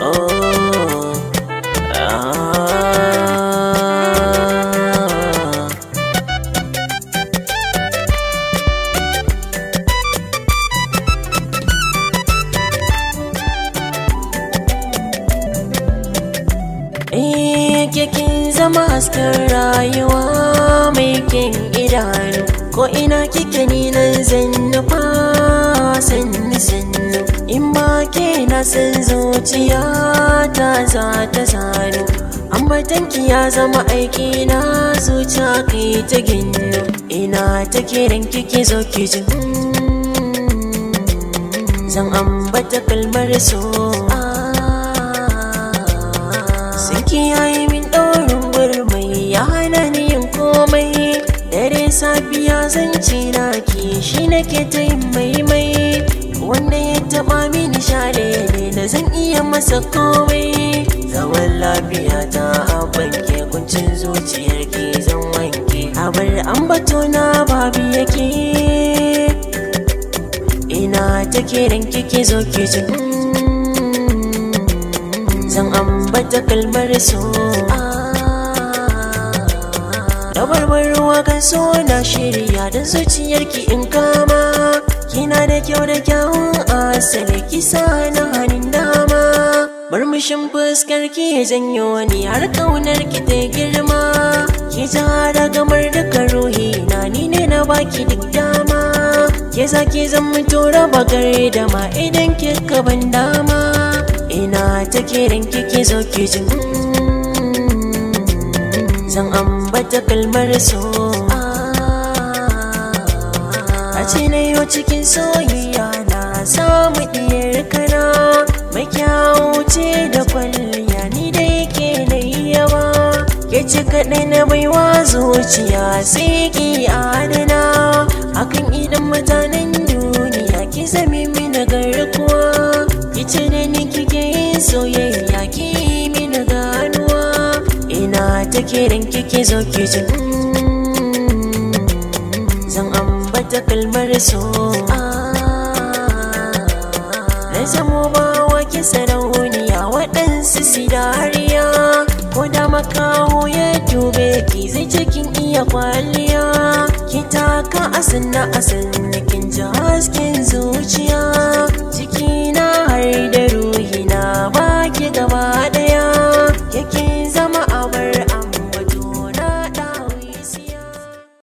Oh, ah. Eh, kin zama hasken rayuwa mai ko ina kike ni nan zan nufa sannu sannu in ma ke na san zuciya ta za ta sanu ambatanki ya zama aiki na zuciya kai ta ginnu ina ta kiran kike zo ki ji mm, zan ambata kalmar so ah, ki safiya zan ce ke shi nake ta yin maimai wanda ya taba mini share ne da zan iya masa komai zaman lafiya ta ke kuncin zuciyar ke zan wanke abar ambato na babu yake ina ta kiran kike zo ke ji mm, zan ambata kalmar so wakan so na shirya da zuciyarki in kama kina da kyau da kyawun asali kisa na hannun dama murmushin fuskar ki ya janyo wani har kaunar ki ta girma ki da gamar duka ruhi na ni ne na baki duk dama ke ke ki mutu tura gare da ma idan ki ban dama ina take kiran ki ki zo ki jin zan ambata kalmar so a ce na yau cikin soyayya na samu ɗiyar kana mai ce da kwalliya ni da yake na yawa ke ci kaɗai na baiwa zuciya sai ki adana akan idan mutanen duniya ki zami mina garkuwa ki ce da ni kike yin soyayya ki da ke dan kike zo ki ji zan ambata kalmar so na zamo ba wake sarauniya waɗansu su dariya ko da makaho ya dube ki zai cikin iya kwaliya ki taka asin na asan kin ji hasken zuciya